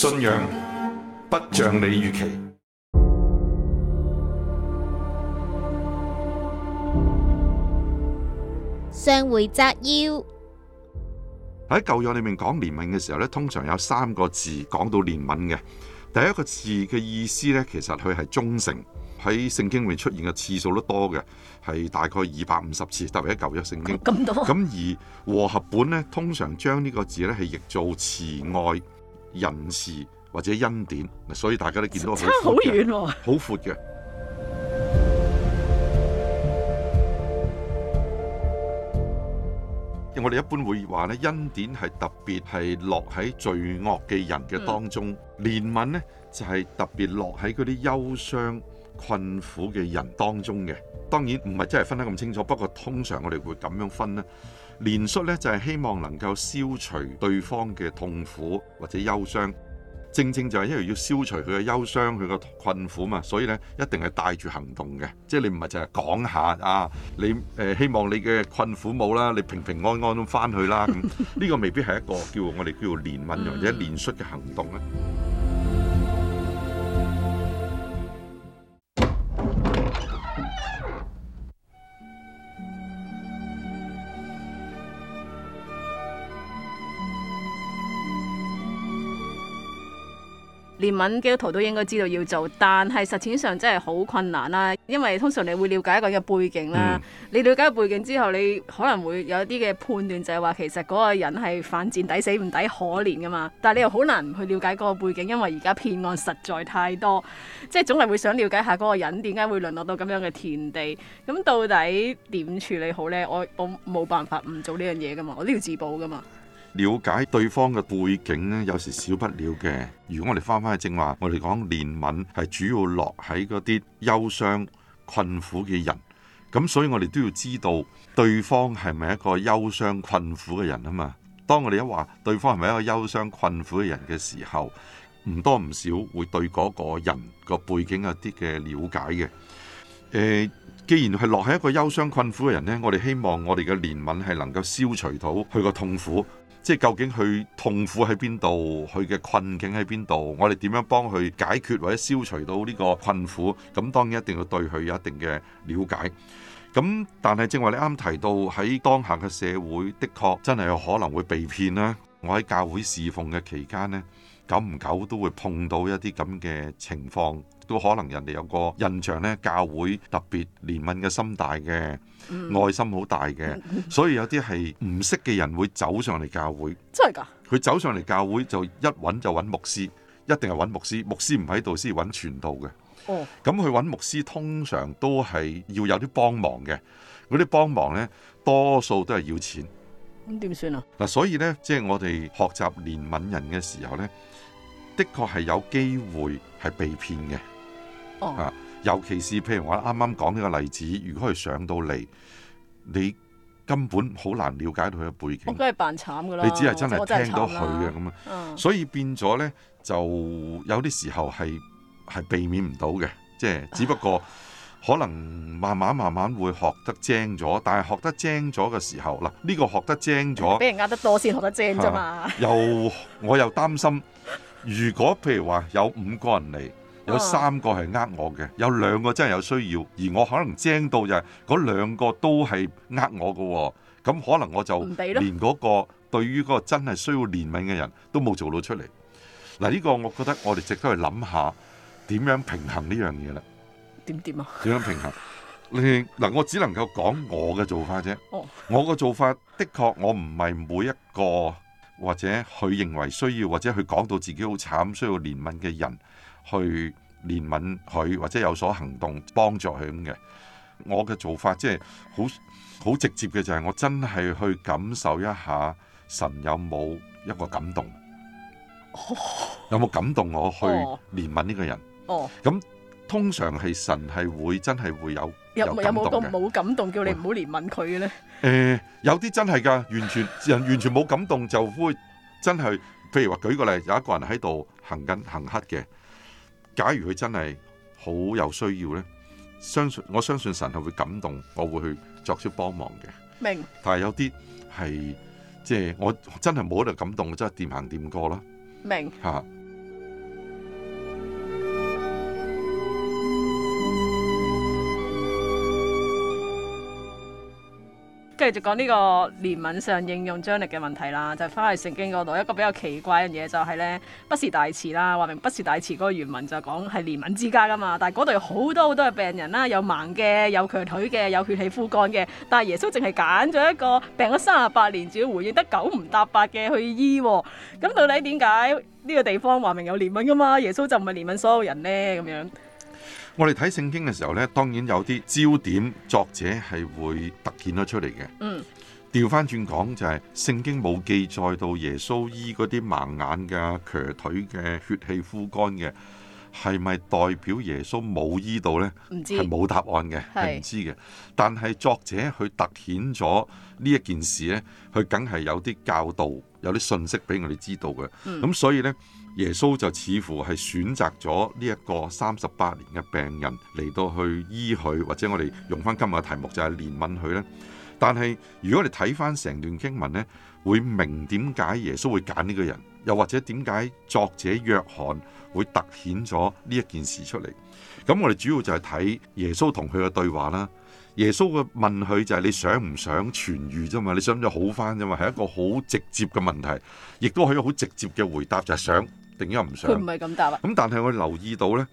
信仰不像你預期。上回摘要喺舊約裏面講憐憫嘅時候咧，通常有三個字講到憐憫嘅。第一個字嘅意思咧，其實佢係忠誠，喺聖經裏出現嘅次數都多嘅，係大概二百五十次，特別喺舊約聖經咁多。咁而和合本咧，通常將呢個字咧係譯做慈愛。人事，或者恩典，所以大家都見到闊差好遠好闊嘅。我哋一般會話咧，恩典係特別係落喺罪惡嘅人嘅當中，憐憫咧就係、是、特別落喺嗰啲憂傷。困苦嘅人當中嘅，當然唔係真係分得咁清楚，不過通常我哋會咁樣分呢。憐恤呢就係、是、希望能夠消除對方嘅痛苦或者憂傷，正正就係因為要消除佢嘅憂傷、佢嘅困苦嘛，所以呢，一定係帶住行動嘅，即係你唔係就係講下啊，你誒、呃、希望你嘅困苦冇啦，你平平安安咁翻去啦，咁呢個未必係一個叫我哋叫做憐憫或者憐恤嘅行動呢。連文基督徒都應該知道要做，但係實踐上真係好困難啦。因為通常你會了解一個人嘅背景啦，嗯、你了解個背景之後，你可能會有一啲嘅判斷就係話，就係話其實嗰個人係犯賤抵死唔抵可憐噶嘛。但係你又好難去了解嗰個背景，因為而家騙案實在太多，即係總係會想了解下嗰個人點解會淪落到咁樣嘅田地，咁到底點處理好呢？我我冇辦法唔做呢樣嘢噶嘛，我都要自保噶嘛。了解對方嘅背景呢，有時少不了嘅。如果我哋翻翻去正話，我哋講憐憫係主要落喺嗰啲憂傷困苦嘅人，咁所以我哋都要知道對方係咪一個憂傷困苦嘅人啊嘛。當我哋一話對方係咪一個憂傷困苦嘅人嘅時候，唔多唔少會對嗰個人個背景有啲嘅了解嘅。既然係落喺一個憂傷困苦嘅人呢，我哋希望我哋嘅憐憫係能夠消除到佢個痛苦。即係究竟佢痛苦喺邊度，佢嘅困境喺邊度，我哋點樣幫佢解決或者消除到呢個困苦？咁當然一定要對佢有一定嘅了解。咁但係正話你啱提到喺當下嘅社會的確真係有可能會被騙啦。我喺教會侍奉嘅期間咧，久唔久都會碰到一啲咁嘅情況。都可能人哋有個印象呢，教會特別憐憫嘅心大嘅，嗯、愛心好大嘅，嗯嗯、所以有啲係唔識嘅人會走上嚟教會。真係噶？佢走上嚟教會就一揾就揾牧師，一定係揾牧師。牧師唔喺度，先揾傳道嘅。哦，咁佢揾牧師通常都係要有啲幫忙嘅，嗰啲幫忙呢，多數都係要錢。咁點算啊？嗱，所以呢，即係我哋學習憐憫人嘅時候呢，的確係有機會係被騙嘅。哦、尤其是譬如我啱啱講呢個例子，哦、如果佢上到嚟，你根本好難了解到佢嘅背景。我梗係扮慘㗎啦！你只係真係聽到佢嘅咁啊，所以變咗呢，就有啲時候係係避免唔到嘅，即、就、係、係、只不過可能慢慢慢慢會學得精咗，哎、呀但係學得精咗嘅時候嗱，呢、呢個學得精咗，俾人呃得多先學得精啫嘛、啊。又我又擔心， 如果譬如話有五個人嚟。有三個係呃我嘅，有兩個真係有需要，而我可能精到就係、是、嗰兩個都係呃我嘅，咁可能我就連嗰個對於嗰個真係需要憐憫嘅人都冇做到出嚟。嗱、這、呢個我覺得我哋值得去諗下點樣平衡呢樣嘢啦。點點啊？點樣平衡？你嗱，我只能夠講我嘅做法啫。我嘅做法的確，我唔係每一個。或者佢認為需要，或者佢講到自己好慘，需要憐憫嘅人去憐憫佢，或者有所行動幫助佢咁嘅。我嘅做法即係好好直接嘅，就係我真係去感受一下神有冇一個感動，oh. 有冇感動我去憐憫呢個人。哦、oh. oh.，咁通常係神係會真係會有有冇一個冇感動叫你唔好憐憫佢嘅咧。Oh. 誒、呃，有啲真係噶，完全人完全冇感動就會真係，譬如話舉個例，有一個人喺度行緊行乞嘅，假如佢真係好有需要呢，相信我相信神係會感動，我會去作出幫忙嘅。明白，但係有啲係即係我真係冇得感動，我真係掂行掂過啦。明吓白。啊繼續講呢個憐憫上應用張力嘅問題啦，就翻去聖經嗰度，一個比較奇怪嘅嘢就係呢，畢士大池啦，話明畢士大池嗰個原文就係講係憐憫之家噶嘛，但係嗰度有好多好多嘅病人啦，有盲嘅，有瘸腿嘅，有血氣枯乾嘅，但係耶穌淨係揀咗一個病咗三十八年，只要回應得九唔搭八嘅去醫喎，咁到底點解呢個地方話明有憐憫噶嘛？耶穌就唔係憐憫所有人呢？咁樣。我哋睇聖經嘅時候呢，當然有啲焦點作者係會特顯咗出嚟嘅。嗯，掉返轉講就係、是、聖經冇記載到耶穌醫嗰啲盲眼嘅、瘸腿嘅、血氣枯乾嘅，係咪代表耶穌冇醫到呢？唔知係冇答案嘅，係唔是知嘅。但係作者佢特顯咗呢一件事呢，佢梗係有啲教導、有啲信息俾我哋知道嘅。咁、嗯、所以呢。耶穌就似乎係選擇咗呢一個三十八年嘅病人嚟到去醫佢，或者我哋用翻今日嘅題目就係憐憫佢咧。但係如果你睇翻成段經文呢，會明點解耶穌會揀呢個人，又或者點解作者約翰會突顯咗呢一件事出嚟？咁我哋主要就係睇耶穌同佢嘅對話啦。耶穌嘅問佢就係，你想唔想痊愈啫嘛？你想唔想好翻啫嘛？係一個好直接嘅問題，亦都可以好直接嘅回答就係想。定咗唔上。佢唔係咁答啊。咁但係我留意到咧，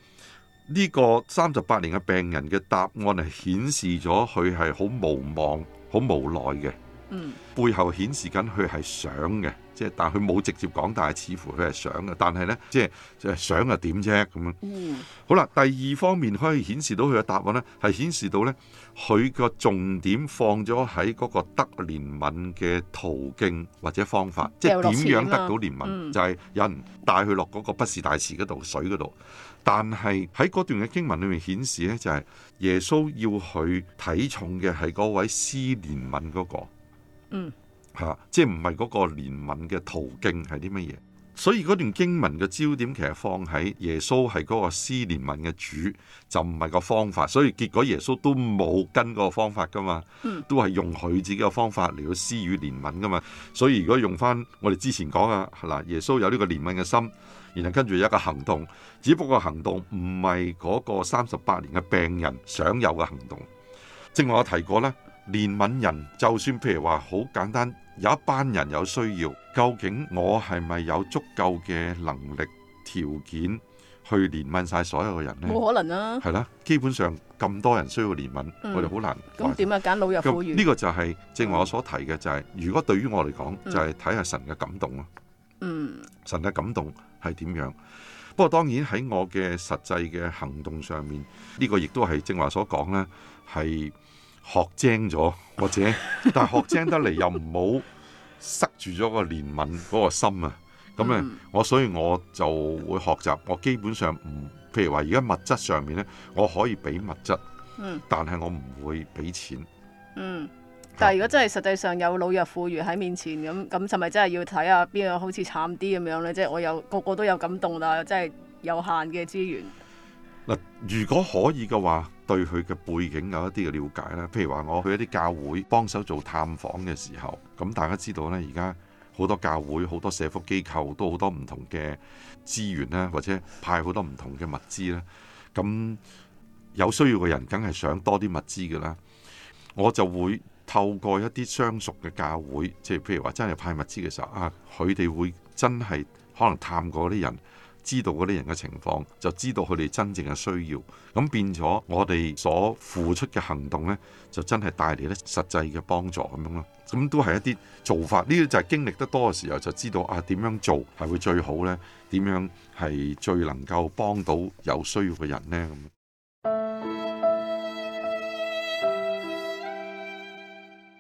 呢、個三十八年嘅病人嘅答案係顯示咗佢係好無望、好無奈嘅。嗯。背後顯示緊佢係想嘅。即係，但係佢冇直接講，但係似乎佢係想嘅。但係咧，即係想又點啫咁樣？嗯、好啦，第二方面可以顯示到佢嘅答案咧，係顯示到咧，佢個重點放咗喺嗰個得憐憫嘅途徑或者方法，即係點樣得到憐憫，嗯、就係有人帶佢落嗰個畢士大池嗰度水嗰度。但係喺嗰段嘅經文裡面顯示咧，就係、是、耶穌要去睇重嘅係嗰位施憐憫嗰、那個。嗯。吓，即係唔係嗰個憐憫嘅途徑係啲乜嘢？所以嗰段經文嘅焦點其實放喺耶穌係嗰個施憐憫嘅主，就唔係個方法。所以結果耶穌都冇跟個方法噶嘛，都係用佢自己嘅方法嚟到施予憐憫噶嘛。所以如果用翻我哋之前講啊，嗱，耶穌有呢個憐憫嘅心，然後跟住有一個行動，只不過行動唔係嗰個三十八年嘅病人想有嘅行動。正話我提過啦。憐憫人，就算譬如話好簡單，有一班人有需要，究竟我係咪有足夠嘅能力條件去憐憫晒所有嘅人咧？冇可能啦，係啦，基本上咁多人需要憐憫，我哋好難。咁點樣？揀老弱婦孺呢個就係正話我所提嘅，就係如果對於我嚟講，就係睇下神嘅感動咯。嗯，神嘅感動係點樣？不過當然喺我嘅實際嘅行動上面，呢個亦都係正話所講咧，係。學精咗，或者但係學精得嚟 又唔好塞住咗個憐憫嗰個心啊！咁咧，嗯、我所以我就會學習，我基本上唔，譬如話而家物質上面咧，我可以俾物質，嗯、但係我唔會俾錢。嗯，但係如果真係實際上有老弱婦孺喺面前咁，咁係咪真係要睇下邊個好似慘啲咁樣咧？即係我有個個都有感動啦，即係有限嘅資源。嗱，如果可以嘅話，對佢嘅背景有一啲嘅了解啦，譬如話我去一啲教會幫手做探訪嘅時候，咁大家知道呢，而家好多教會、好多社福機構都好多唔同嘅資源啦，或者派好多唔同嘅物資啦，咁有需要嘅人梗係想多啲物資嘅啦。我就會透過一啲相熟嘅教會，即係譬如話真係派物資嘅時候啊，佢哋會真係可能探過啲人。知道嗰啲人嘅情況，就知道佢哋真正嘅需要，咁變咗我哋所付出嘅行動呢，就真係帶嚟咧實際嘅幫助咁樣咯。咁都係一啲做法，呢啲就係經歷得多嘅時候就知道啊點樣做係會最好呢？點樣係最能夠幫到有需要嘅人呢？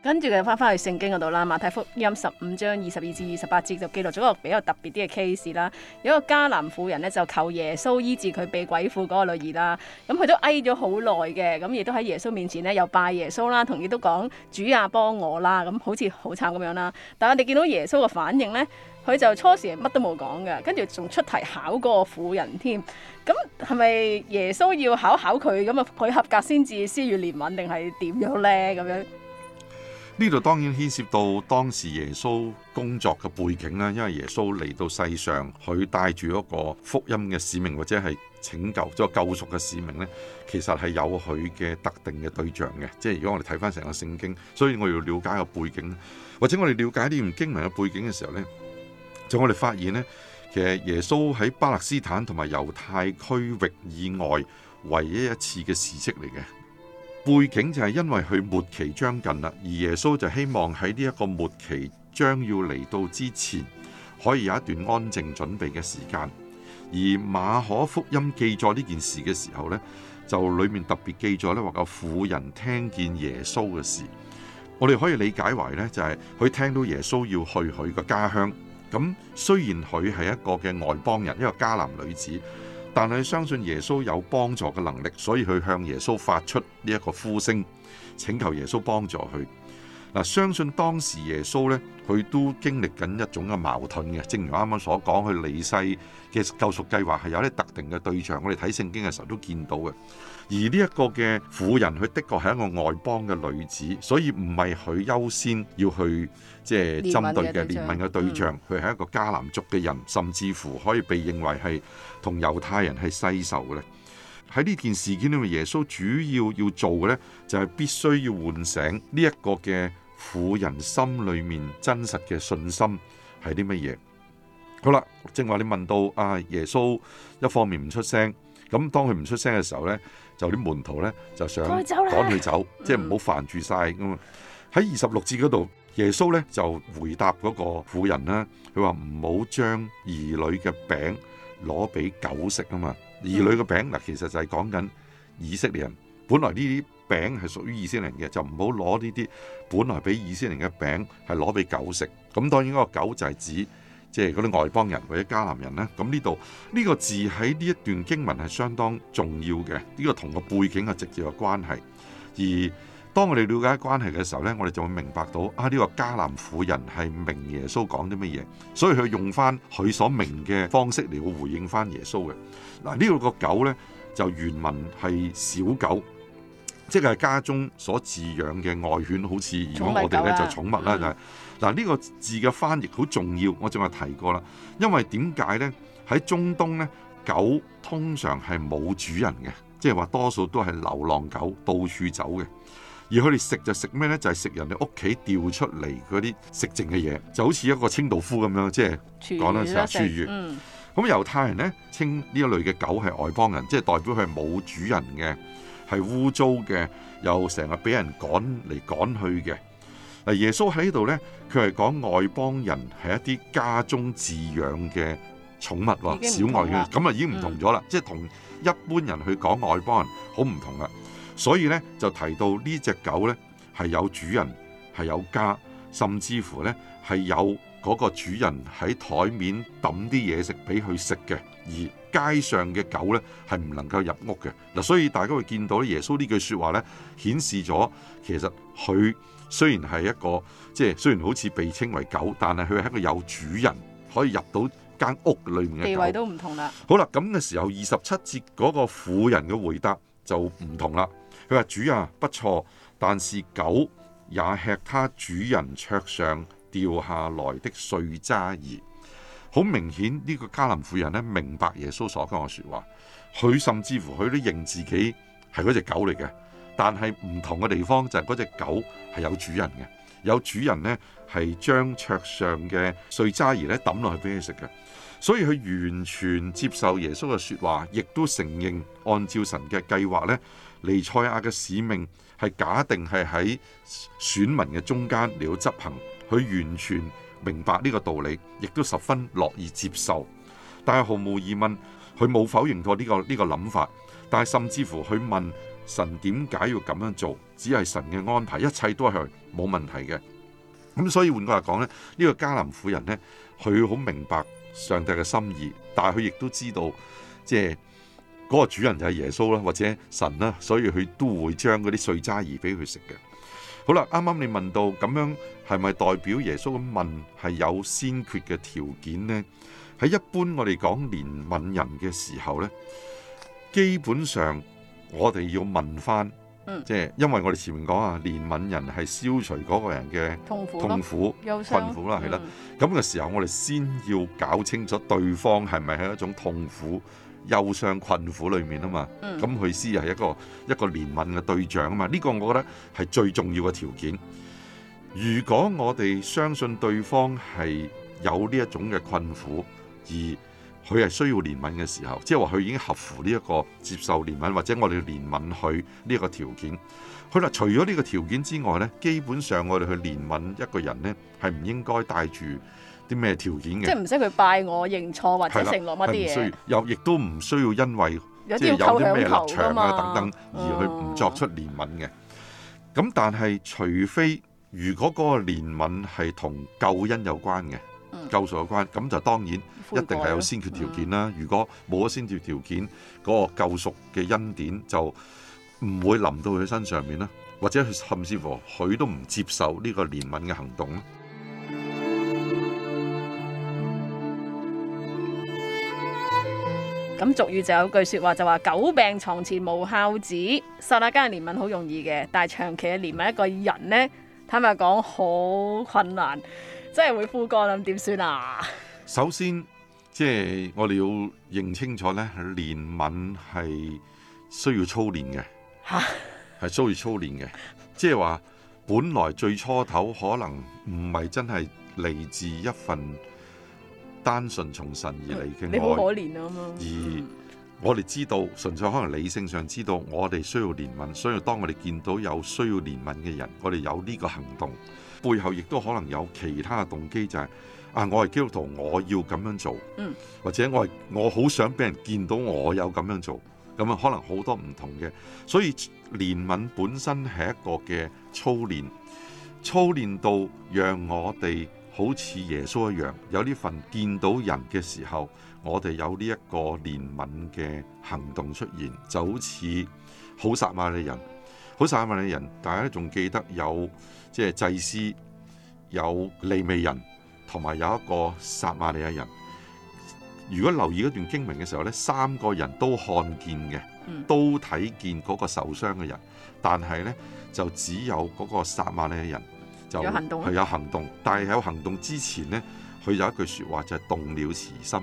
跟住就翻翻去聖經嗰度啦，《馬太福音》十五章二十二至二十八節就記錄咗個比較特別啲嘅 case 啦。有一個迦南婦人咧，就求耶穌醫治佢被鬼附嗰個女兒啦。咁佢都哀咗好耐嘅，咁亦都喺耶穌面前咧，又拜耶穌啦，同亦都講主啊，幫我啦。咁好似好慘咁樣啦。但係我哋見到耶穌嘅反應咧，佢就初時乜都冇講㗎。跟住仲出題考嗰個婦人添。咁係咪耶穌要考考佢咁啊？佢合格先至施予憐憫，定係點樣咧？咁樣？呢度當然牽涉到當時耶穌工作嘅背景啦，因為耶穌嚟到世上，佢帶住一個福音嘅使命，或者係拯救咗救贖嘅使命呢，其實係有佢嘅特定嘅對象嘅。即係如果我哋睇翻成個聖經，所以我要了解個背景，或者我哋了解呢啲經文嘅背景嘅時候呢，就我哋發現呢，其實耶穌喺巴勒斯坦同埋猶太區域以外，唯一一次嘅事蹟嚟嘅。背景就係因為佢末期將近啦，而耶穌就希望喺呢一個末期將要嚟到之前，可以有一段安靜準備嘅時間。而馬可福音記載呢件事嘅時候呢，就裏面特別記載呢話，個婦人聽見耶穌嘅事，我哋可以理解為呢就係、是、佢聽到耶穌要去佢個家鄉。咁雖然佢係一個嘅外邦人，一個迦南女子。但係相信耶穌有幫助嘅能力，所以佢向耶穌發出呢一個呼聲，請求耶穌幫助佢。嗱，相信當時耶穌呢，佢都經歷緊一種嘅矛盾嘅。正如我啱啱所講，佢離世嘅救贖計劃係有啲特定嘅對象，我哋睇聖經嘅時候都見到嘅。而呢一個嘅婦人，佢的確係一個外邦嘅女子，所以唔係佢優先要去即係針對嘅憐憫嘅對象。佢係、嗯、一個迦南族嘅人，甚至乎可以被認為係同猶太人係世仇嘅。喺呢件事件裏面，耶穌主要要做嘅呢，就係、是、必須要喚醒呢一個嘅婦人心裏面真實嘅信心係啲乜嘢。好啦，正話你問到啊，耶穌一方面唔出聲，咁當佢唔出聲嘅時候呢。就啲門徒咧就想趕佢走，走即係唔好煩住晒。咁啊、嗯。喺二十六節嗰度，耶穌咧就回答嗰個婦人啦、啊，佢話唔好將兒女嘅餅攞俾狗食啊嘛。嗯、兒女嘅餅嗱，其實就係講緊以色列人本來呢啲餅係屬於以色列人嘅，就唔好攞呢啲本來俾以色列人嘅餅係攞俾狗食。咁當然嗰個狗就係指，即係嗰啲外邦人或者迦南人呢，咁呢度呢個字喺呢一段經文係相當重要嘅，呢個同個背景係直接嘅關係。而當我哋了解關係嘅時候呢，我哋就會明白到啊，呢個迦南婦人係明耶穌講啲乜嘢，所以佢用翻佢所明嘅方式嚟去回應翻耶穌嘅。嗱，呢度個狗呢，就原文係小狗。即係家中所飼養嘅外犬，好似如果我哋咧、啊、就寵物啦，嗱、就、呢、是嗯、個字嘅翻譯好重要，我正話提過啦。因為點解呢？喺中東呢，狗通常係冇主人嘅，即係話多數都係流浪狗，到處走嘅。而佢哋食就食咩呢？就係、是、食人哋屋企掉出嚟嗰啲食剩嘅嘢，就好似一個清道夫咁樣，即係講到時候處，咁猶太人呢，稱呢一類嘅狗係外邦人，即係代表佢係冇主人嘅。係污糟嘅，又成日俾人趕嚟趕去嘅。嗱，耶穌喺呢度呢，佢係講外邦人係一啲家中飼養嘅寵物，小愛犬。咁啊已經唔同咗啦，嗯、即係同一般人去講外邦人好唔同啦。所以呢，就提到呢隻狗呢，係有主人，係有家，甚至乎呢，係有。嗰個主人喺台面揼啲嘢食俾佢食嘅，而街上嘅狗呢，係唔能夠入屋嘅。嗱，所以大家會見到耶穌呢句説話呢，顯示咗其實佢雖然係一個，即係雖然好似被稱為狗，但係佢係一個有主人，可以入到間屋裏面嘅，地位都唔同啦。好啦，咁嘅時候，二十七節嗰個婦人嘅回答就唔同啦，佢話：主啊，不錯，但是狗也吃他主人桌上掉下來的碎渣兒，好明顯呢個迦南婦人呢，明白耶穌所講嘅説話，佢甚至乎佢都認自己係嗰隻狗嚟嘅。但係唔同嘅地方就係嗰隻狗係有主人嘅，有主人呢，係將桌上嘅碎渣兒呢抌落去俾佢食嘅，所以佢完全接受耶穌嘅説話，亦都承認按照神嘅計劃呢，彌賽亞嘅使命係假定係喺選民嘅中間嚟到執行。佢完全明白呢個道理，亦都十分樂意接受。但係毫無疑問，佢冇否認過呢個呢個諗法。但係甚至乎佢問神點解要咁樣做，只係神嘅安排，一切都係冇問題嘅。咁所以換句話講呢，呢個迦南婦人呢，佢好明白上帝嘅心意，但係佢亦都知道，即係嗰個主人就係耶穌啦，或者神啦，所以佢都會將嗰啲碎渣移俾佢食嘅。好啦，啱啱你問到咁樣係咪代表耶穌咁問係有先決嘅條件呢？喺一般我哋講憐憫人嘅時候呢，基本上我哋要問翻，即係、嗯、因為我哋前面講啊，憐憫人係消除嗰個人嘅痛苦、痛苦、啊，困苦啦、啊，係啦、啊。咁嘅、嗯、時候我哋先要搞清楚對方係咪係一種痛苦。憂傷困苦裏面啊嘛，咁佢先係一個一個憐憫嘅對象啊嘛，呢個我覺得係最重要嘅條件。如果我哋相信對方係有呢一種嘅困苦，而佢係需要憐憫嘅時候，即係話佢已經合乎呢一個接受憐憫，或者我哋要憐憫佢呢個條件。好啦，除咗呢個條件之外呢，基本上我哋去憐憫一個人呢，係唔應該帶住。啲咩條件嘅？即係唔使佢拜我、認錯或者承諾乜嘢。又亦都唔需要因為即係有啲咩立場啊等等，而去唔作出憐憫嘅。咁、嗯、但係，除非如果嗰個憐憫係同救恩有關嘅救贖有關，咁、嗯、就當然一定係有先決條件啦。嗯、如果冇咗先決條件，嗰、嗰個救贖嘅恩典就唔會臨到佢身上面啦，或者佢甚至乎佢都唔接受呢個憐憫嘅行動啦。咁俗語就有句說話就話，久病床前無孝子，剎那間嘅憐憫好容易嘅，但係長期嘅憐憫一個人呢，坦白講好困難，真係會枯乾啊！點算啊？首先，即係我哋要認清楚呢憐憫係需要操練嘅，吓係哈需要操練嘅，即係話本來最初頭可能唔係真係嚟自一份。單純從神而嚟嘅愛，你可憐啊，嗯、而我哋知道，純粹可能理性上知道，我哋需要憐憫，所以當我哋見到有需要憐憫嘅人，我哋有呢個行動，背後亦都可能有其他嘅動機，就是，就係啊，我係基督徒，我要咁樣做，或者我係我好想俾人見到我有咁樣做，咁啊，可能好多唔同嘅，所以憐憫本身係一個嘅操練，操練到讓我哋。好似耶穌一樣，有呢份見到人嘅時候，我哋有呢一個憐憫嘅行動出現，就好似好撒瑪利人。好撒瑪利人，大家仲記得有即係祭司、有利未人，同埋有一個撒瑪利亞人。如果留意一段經文嘅時候呢，三個人都看見嘅，都睇見嗰個受傷嘅人，但係呢就只有嗰個撒瑪利亞人。就係有行動，有行動但係喺行動之前咧，佢有一句説話就係動了慈心，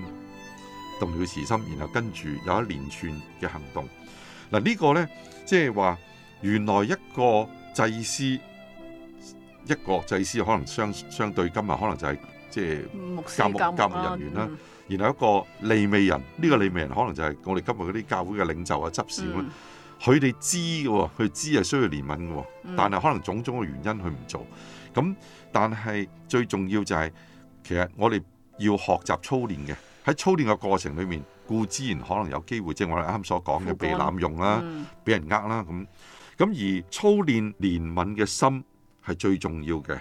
動了慈心，然後跟住有一連串嘅行動。嗱、這個、呢個咧，即係話原來一個祭司，一個祭司可能相相對今日可能就係即係教牧師教牧、啊、人員啦，嗯、然後一個利未人，呢、這個利未人可能就係我哋今日嗰啲教會嘅領袖啊執事啦、嗯。佢哋知嘅，佢知係需要憐憫嘅，但係可能種種嘅原因佢唔做。咁、嗯、但係最重要就係，其實我哋要學習操練嘅。喺操練嘅過程裏面，固之然可能有機會，即係我哋啱啱所講嘅、嗯、被濫用啦，俾人呃啦咁。咁而操練憐憫嘅心係最重要嘅，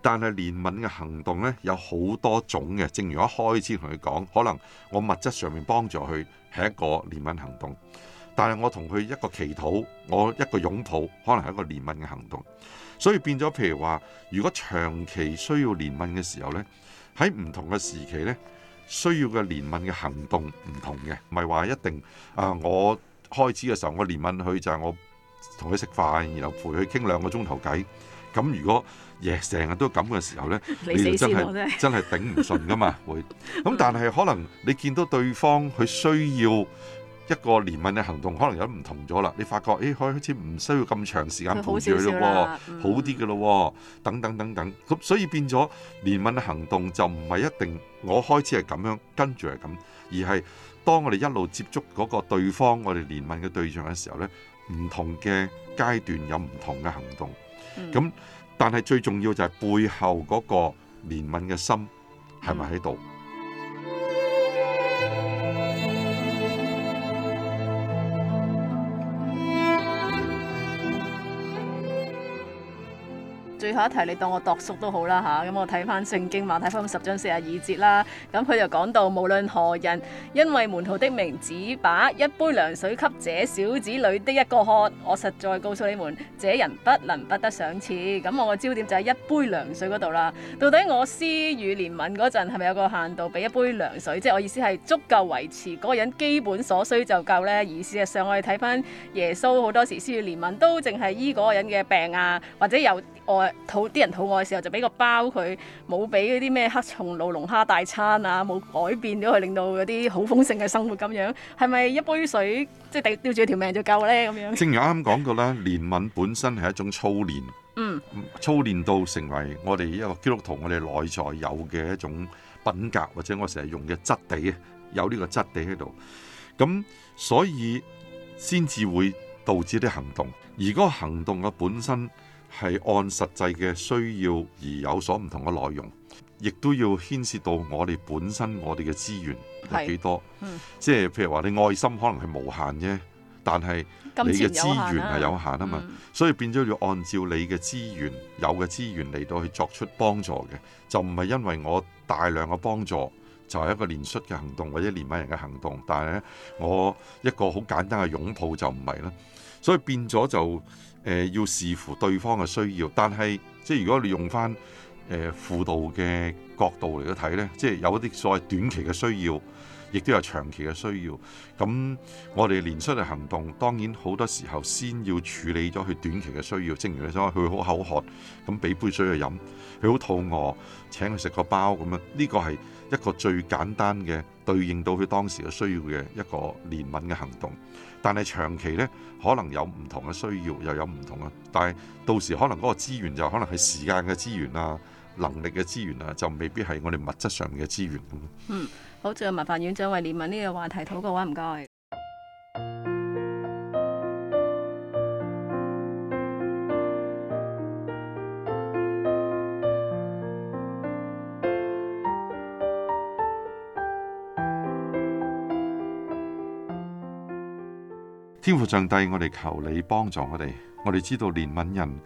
但係憐憫嘅行動呢，有好多種嘅。正如我一開始同你講，可能我物質上面幫助佢係一個憐憫行動。但係我同佢一個祈禱，我一個擁抱，可能係一個憐憫嘅行動，所以變咗。譬如話，如果長期需要憐憫嘅時候咧，喺唔同嘅時期咧，需要嘅憐憫嘅行動唔同嘅，唔係話一定啊！我開始嘅時候，我憐憫佢就係我同佢食飯，然後陪佢傾兩個鐘頭偈。咁如果夜成日都咁嘅時候咧，你真係真係頂唔順噶嘛？會咁，但係可能你見到對方佢需要。一個憐憫嘅行動可能有唔同咗啦，你發覺誒，開始唔需要咁長時間抱住佢咯，好啲嘅咯，等等等等，咁所以變咗憐憫嘅行動就唔係一定我開始係咁樣，跟住係咁，而係當我哋一路接觸嗰個對方，我哋憐憫嘅對象嘅時候呢，唔同嘅階段有唔同嘅行動，咁、嗯、但係最重要就係背後嗰個憐憫嘅心係咪喺度？嗯嗯有一題，你當我度叔都好啦嚇，咁、啊嗯、我睇翻聖經話，睇翻十章四十二節啦，咁、嗯、佢就講到 無論何人，因為門徒的名，只把一杯涼水給這小子裏的一個喝，我實在告訴你們，這人不能不得賞賜。咁、嗯、我個焦點就係一杯涼水嗰度啦。到底我施予憐憫嗰陣係咪有個限度，俾一杯涼水？即係我意思係足夠維持嗰個人基本所需就夠呢？而事實上，我哋睇翻耶穌好多時施予憐憫都淨係醫嗰個人嘅病啊，或者有外。我討啲人肚餓嘅時候就俾個包佢，冇俾嗰啲咩黑松露龍蝦大餐啊，冇改變咗佢，令到嗰啲好豐盛嘅生活咁樣，係咪一杯水即係吊住條命就夠呢？咁樣？正如啱啱講過啦， 憐憫本身係一種操練，嗯，操練到成為我哋一個基督徒，我哋內在有嘅一種品格或者我成日用嘅質地，有呢個質地喺度，咁所以先至會導致啲行動。而嗰個行動嘅本身，係按實際嘅需要而有所唔同嘅內容，亦都要牽涉到我哋本身我哋嘅資源係幾多，即係譬如話你愛心可能係無限啫，但係你嘅資源係有限啊嘛，所以變咗要按照你嘅資源、有嘅資源嚟到去作出幫助嘅，就唔係因為我大量嘅幫助就係一個連出嘅行動或者連埋人嘅行動，但係咧我一個好簡單嘅擁抱就唔係啦，所以變咗就。誒要視乎對方嘅需要，但係即係如果你用翻誒、呃、輔導嘅角度嚟去睇呢，即係有一啲所謂短期嘅需要，亦都有長期嘅需要。咁我哋連出嘅行動，當然好多時候先要處理咗佢短期嘅需要。正如你想講，佢好口渴，咁俾杯水去飲；佢好肚餓，請佢食個包咁樣。呢個係一個最簡單嘅對應到佢當時嘅需要嘅一個憐憫嘅行動。但係長期呢，可能有唔同嘅需要，又有唔同啊。但係到時可能嗰個資源就可能係時間嘅資源啊，能力嘅資源啊，就未必係我哋物質上面嘅資源咁、啊、嗯，好，最後麻煩院長為憐憫呢個話題討論，唔該。天父上帝，我哋求你幫助我哋。我哋知道憐憫人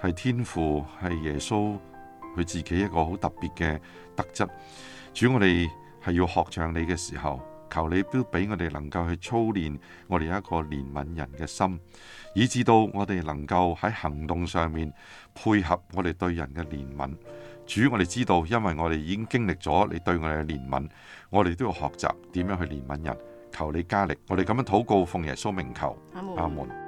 係天父，係耶穌佢自己一個好特別嘅特質。主，我哋係要學像你嘅時候，求你都俾我哋能夠去操練我哋一個憐憫人嘅心，以至到我哋能夠喺行動上面配合我哋對人嘅憐憫。主，我哋知道，因為我哋已經經歷咗你對我哋嘅憐憫，我哋都要學習點樣去憐憫人。求你加力，我哋咁樣禱告奉耶穌名求，Amen. 阿門。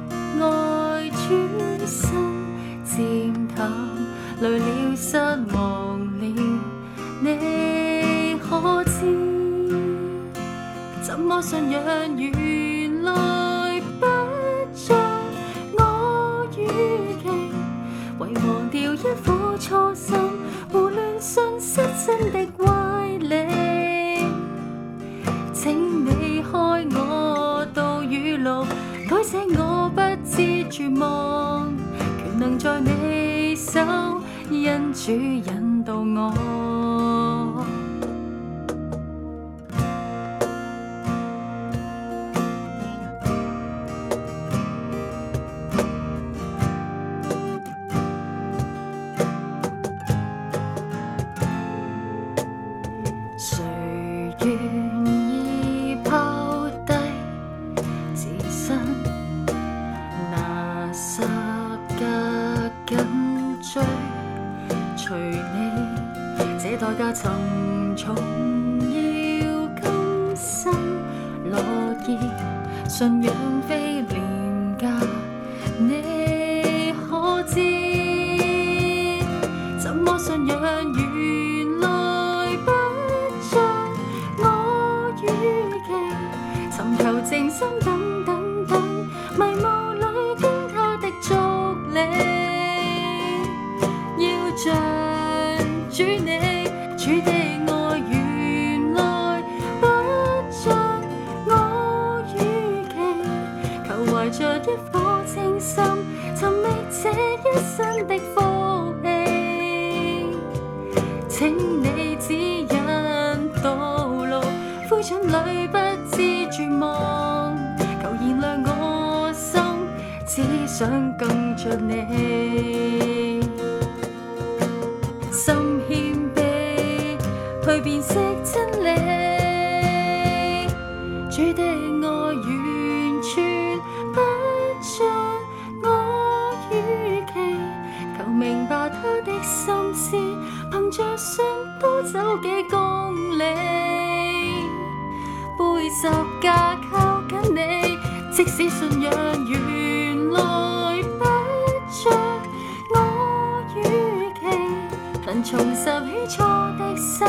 能重拾起初的心，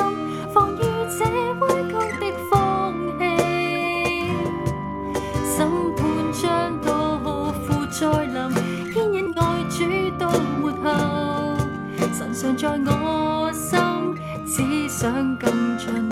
防禦這歪曲的風氣。審判將到負再臨，牽引愛主到末後。神常在我心，只想更長。